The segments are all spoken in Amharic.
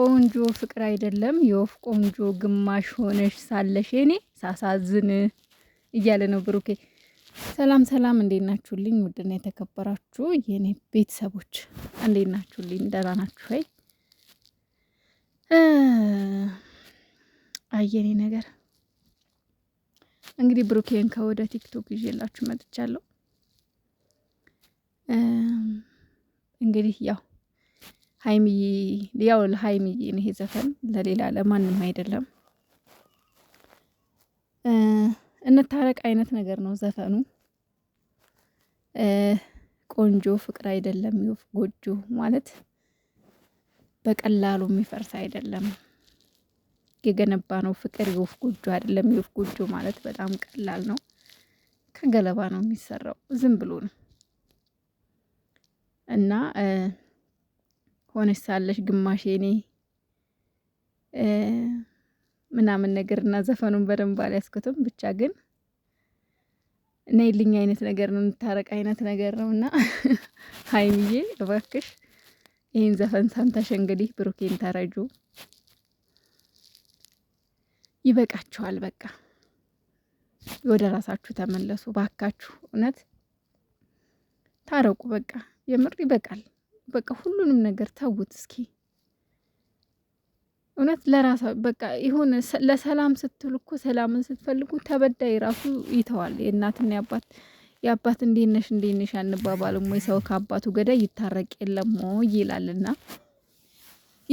ቆንጆ ፍቅር አይደለም የወፍ ቆንጆ ግማሽ ሆነሽ ሳለሽ እኔ ሳሳዝን እያለ ነው ብሩኬ። ሰላም ሰላም፣ እንዴት ናችሁልኝ? ውድና የተከበራችሁ የእኔ ቤተሰቦች እንዴት ናችሁልኝ? ደህና ናችሁ ወይ? አየኔ ነገር እንግዲህ ብሩኬን ከወደ ቲክቶክ ይዤላችሁ መጥቻለሁ። እንግዲህ ያው ሀይሚዬ ያው ለሀይሚዬ ነው ይሄ ዘፈን ለሌላ ለማንም አይደለም። እንታረቅ አይነት ነገር ነው ዘፈኑ። ቆንጆ ፍቅር አይደለም ይወፍ ጎጆ ማለት በቀላሉ የሚፈርስ አይደለም። የገነባ ነው ፍቅር ይወፍ ጎጆ አይደለም። ይወፍ ጎጆ ማለት በጣም ቀላል ነው። ከገለባ ነው የሚሰራው ዝም ብሎ ነው እና ሆነሽ ሳለሽ ግማሽ የኔ ምናምን ነገር እና ዘፈኑን በደንብ አልያዝኩትም። ብቻ ግን ነይልኝ አይነት ነገር ነው፣ እንታረቅ አይነት ነገር ነው እና ሀይሚዬ እባክሽ ይህን ዘፈን ሰምተሽ እንግዲህ ብሩኬን ተረጁ። ይበቃችኋል፣ በቃ ወደ ራሳችሁ ተመለሱ። ባካችሁ እውነት ታረቁ። በቃ የምር ይበቃል። በቃ ሁሉንም ነገር ተውት እስኪ እውነት ለራሳ በቃ የሆነ ለሰላም ስትሉ እኮ ሰላምን ስትፈልጉ ተበዳይ ራሱ ይተዋል። የእናትና የአባት የአባት እንዴት ነሽ እንዴት ነሽ አንባባልም ወይ ሰው ከአባቱ ገዳይ ይታረቅ የለም ይላልና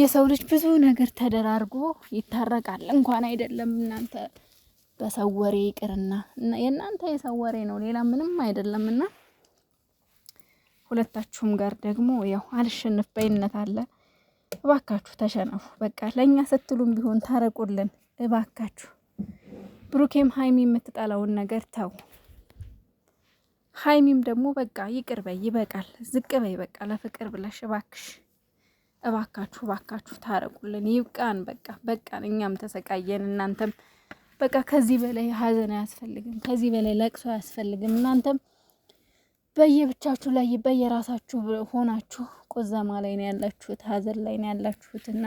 የሰው ልጅ ብዙ ነገር ተደራርጎ ይታረቃል። እንኳን አይደለም እናንተ በሰው ወሬ ይቅርና የእናንተ የሰው ወሬ ነው ሌላ ምንም አይደለምና ሁለታችሁም ጋር ደግሞ ያው አልሸንፍ በይነት አለ። እባካችሁ ተሸነፉ። በቃ ለእኛ ስትሉም ቢሆን ታረቁልን እባካችሁ። ብሩኬም ሀይሚ የምትጠላውን ነገር ተው። ሀይሚም ደግሞ በቃ ይቅር በይ፣ ይበቃል፣ ዝቅ በይ፣ በቃ ለፍቅር ብለሽ እባክሽ፣ እባካችሁ፣ እባካችሁ ታረቁልን፣ ይብቃን፣ በቃ በቃን። እኛም ተሰቃየን፣ እናንተም በቃ ከዚህ በላይ ሀዘን አያስፈልግም፣ ከዚህ በላይ ለቅሶ አያስፈልግም። እናንተም በየብቻችሁ ላይ በየራሳችሁ ሆናችሁ ቆዘማ ላይ ነው ያላችሁት፣ ሀዘን ላይ ነው ያላችሁት እና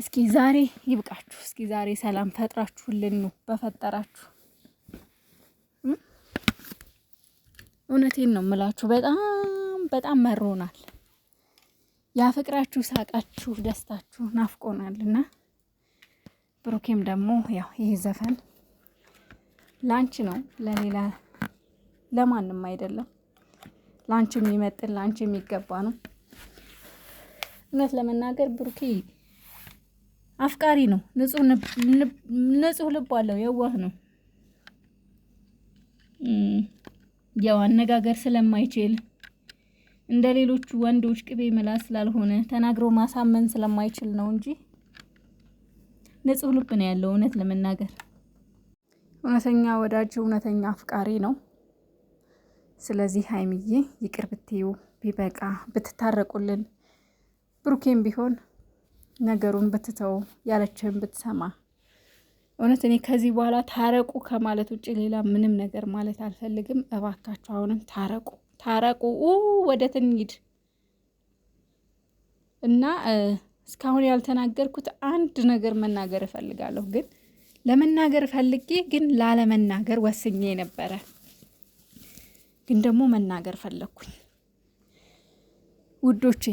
እስኪ ዛሬ ይብቃችሁ። እስኪ ዛሬ ሰላም ፈጥራችሁልን ነው በፈጠራችሁ። እውነቴን ነው ምላችሁ፣ በጣም በጣም መሮናል። ያፍቅራችሁ፣ ሳቃችሁ፣ ደስታችሁ ናፍቆናልና ብሩኬም ደግሞ ያው ይህ ዘፈን ላንቺ ነው ለሌላ ለማንም አይደለም። ለአንቺ የሚመጥን ለአንቺ የሚገባ ነው። እውነት ለመናገር ብሩኬ አፍቃሪ ነው። ንጹህ ልብ አለው። የዋህ ነው። ያው አነጋገር ስለማይችል እንደ ሌሎቹ ወንዶች ቅቤ ምላስ ስላልሆነ ተናግሮ ማሳመን ስለማይችል ነው እንጂ ንጹህ ልብ ነው ያለው። እውነት ለመናገር እውነተኛ ወዳጅ፣ እውነተኛ አፍቃሪ ነው። ስለዚህ ሀይሚዬ ይቅር ብትዩ ቢበቃ ብትታረቁልን፣ ብሩኬም ቢሆን ነገሩን ብትተው ያለችህን ብትሰማ እውነት እኔ ከዚህ በኋላ ታረቁ ከማለት ውጭ ሌላ ምንም ነገር ማለት አልፈልግም። እባካችሁ አሁንም ታረቁ ታረቁ ወደ ትንሂድ እና እስካሁን ያልተናገርኩት አንድ ነገር መናገር እፈልጋለሁ። ግን ለመናገር ፈልጌ ግን ላለመናገር ወስኜ ነበረ። ግን ደግሞ መናገር ፈለግኩኝ ውዶቼ።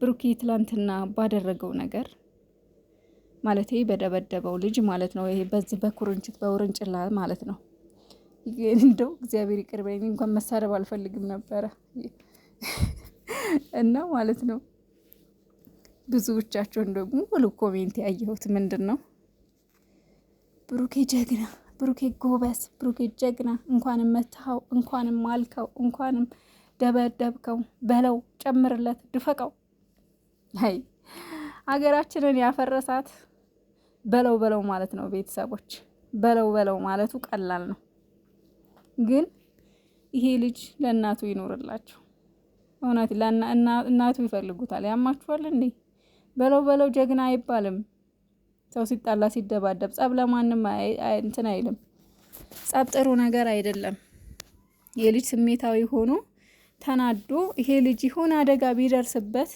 ብሩኬ ትላንትና ባደረገው ነገር ማለት በደበደበው ልጅ ማለት ነው። ይሄ በዚህ በኩርንችት በውርንጭላ ማለት ነው። እንደው እግዚአብሔር ይቅር በለኝ እንኳን መሳደብ አልፈልግም ነበረ እና ማለት ነው ብዙዎቻቸውን ደግሞ ሙሉ ኮሜንት ያየሁት ምንድን ነው ብሩኬ ጀግና ብሩኬ ጎበስ፣ ብሩኬ ጀግና፣ እንኳንም መታኸው፣ እንኳንም ማልከው፣ እንኳንም ደበደብከው፣ በለው፣ ጨምርለት፣ ድፈቀው። አይ ሀገራችንን ያፈረሳት በለው በለው ማለት ነው። ቤተሰቦች በለው በለው ማለቱ ቀላል ነው፣ ግን ይሄ ልጅ ለእናቱ ይኖርላቸው። እውነት እናቱ ይፈልጉታል። ያማችኋል እንዴ? በለው በለው ጀግና አይባልም። ሰው ሲጣላ ሲደባደብ ጸብ ለማንም እንትን አይልም። ጸብ ጥሩ ነገር አይደለም። የልጅ ስሜታዊ ሆኖ ተናዶ ይሄ ልጅ የሆነ አደጋ ቢደርስበት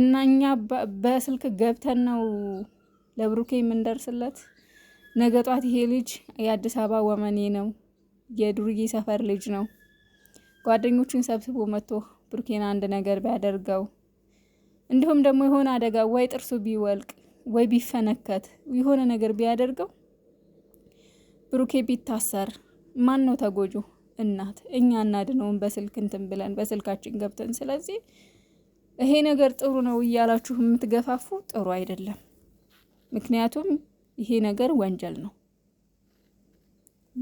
እና እኛ በስልክ ገብተን ነው ለብሩኬ የምንደርስለት። ነገ ጧት ይሄ ልጅ የአዲስ አበባ ወመኔ ነው፣ የዱርዬ ሰፈር ልጅ ነው። ጓደኞቹን ሰብስቦ መጥቶ ብሩኬን አንድ ነገር ቢያደርገው እንዲሁም ደግሞ የሆነ አደጋ ወይ ጥርሱ ቢወልቅ ወይ ቢፈነከት የሆነ ነገር ቢያደርገው ብሩኬ ቢታሰር ማን ነው ተጎጁ? እናት። እኛ እናድነውን በስልክ እንትን ብለን በስልካችን ገብተን። ስለዚህ ይሄ ነገር ጥሩ ነው እያላችሁ የምትገፋፉ ጥሩ አይደለም። ምክንያቱም ይሄ ነገር ወንጀል ነው።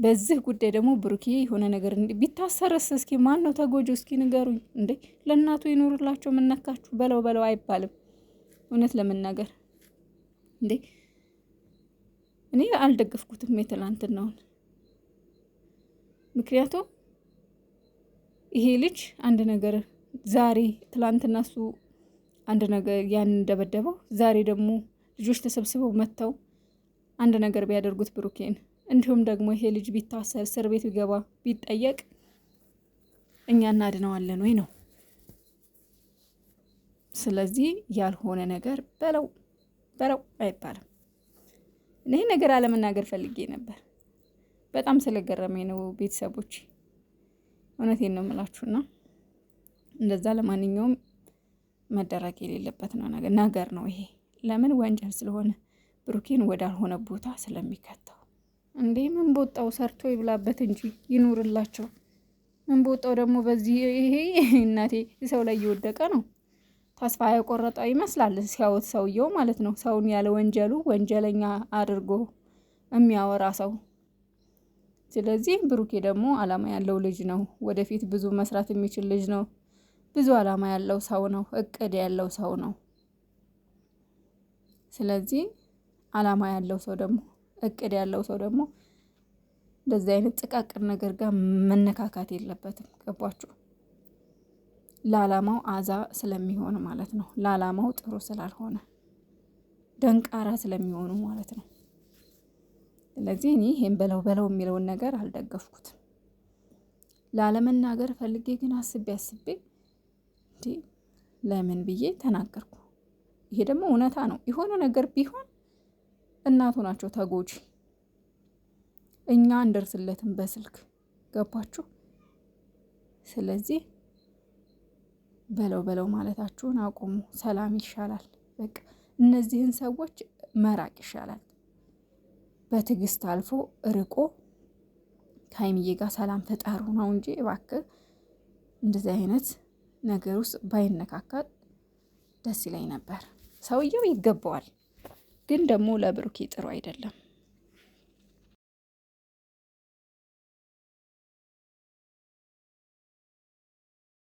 በዚህ ጉዳይ ደግሞ ብሩኬ የሆነ ነገር ቢታሰርስ? እስኪ ማን ነው ተጎጆ? እስኪ ንገሩኝ። እንዴ ለእናቱ ይኖርላቸው። ምነካችሁ? በለው በለው አይባልም። እውነት ለመናገር እንዴ እኔ አልደገፍኩትም የትላንትናውን። ምክንያቱም ይሄ ልጅ አንድ ነገር ዛሬ ትላንትና እሱ አንድ ነገር ያን እንደበደበው ዛሬ ደግሞ ልጆች ተሰብስበው መጥተው አንድ ነገር ቢያደርጉት ብሩኬን፣ እንዲሁም ደግሞ ይሄ ልጅ ቢታሰር እስር ቤት ቢገባ ቢጠየቅ እኛ እናድነዋለን ወይ ነው። ስለዚህ ያልሆነ ነገር በለው። በረው አይባልም። ይህ ነገር አለመናገር ፈልጌ ነበር። በጣም ስለገረመኝ ነው ቤተሰቦች፣ እውነቴን ነው የምላችሁና እንደዛ ለማንኛውም መደረግ የሌለበት ነው ነገር ነው ይሄ። ለምን ወንጀል ስለሆነ ብሩኬን ወዳልሆነ ቦታ ስለሚከተው እንዴ ምን ቦጣው ሰርቶ ይብላበት እንጂ ይኑርላቸው። ምን ቦጣው ደግሞ በዚህ ይሄ እናቴ ሰው ላይ እየወደቀ ነው። ተስፋ የቆረጠው ይመስላል ሲያዩት ሰውየው ማለት ነው። ሰውን ያለ ወንጀሉ ወንጀለኛ አድርጎ የሚያወራ ሰው። ስለዚህ ብሩኬ ደግሞ አላማ ያለው ልጅ ነው። ወደፊት ብዙ መስራት የሚችል ልጅ ነው። ብዙ አላማ ያለው ሰው ነው። እቅድ ያለው ሰው ነው። ስለዚህ አላማ ያለው ሰው ደግሞ እቅድ ያለው ሰው ደግሞ እንደዚህ አይነት ጥቃቅን ነገር ጋር መነካካት የለበትም። ገባችሁ? ለዓላማው አዛ ስለሚሆን ማለት ነው። ለዓላማው ጥሩ ስላልሆነ ደንቃራ ስለሚሆኑ ማለት ነው። ስለዚህ እኔ ይህም በለው በለው የሚለውን ነገር አልደገፍኩትም። ላለመናገር ፈልጌ ግን አስቤ አስቤ እንዲ ለምን ብዬ ተናገርኩ። ይሄ ደግሞ እውነታ ነው። የሆነ ነገር ቢሆን እናቱ ናቸው ተጎጂ፣ እኛ እንደርስለትም በስልክ ገባችሁ። ስለዚህ በለው በለው ማለታችሁን አቁሙ። ሰላም ይሻላል። በቃ እነዚህን ሰዎች መራቅ ይሻላል። በትዕግስት አልፎ ርቆ ከሀይሚዬ ጋር ሰላም ፈጣሩ ነው እንጂ እባክህ እንደዚህ አይነት ነገር ውስጥ ባይነካከል ደስ ይለኝ ነበር። ሰውየው ይገባዋል፣ ግን ደግሞ ለብሩኬ ጥሩ አይደለም።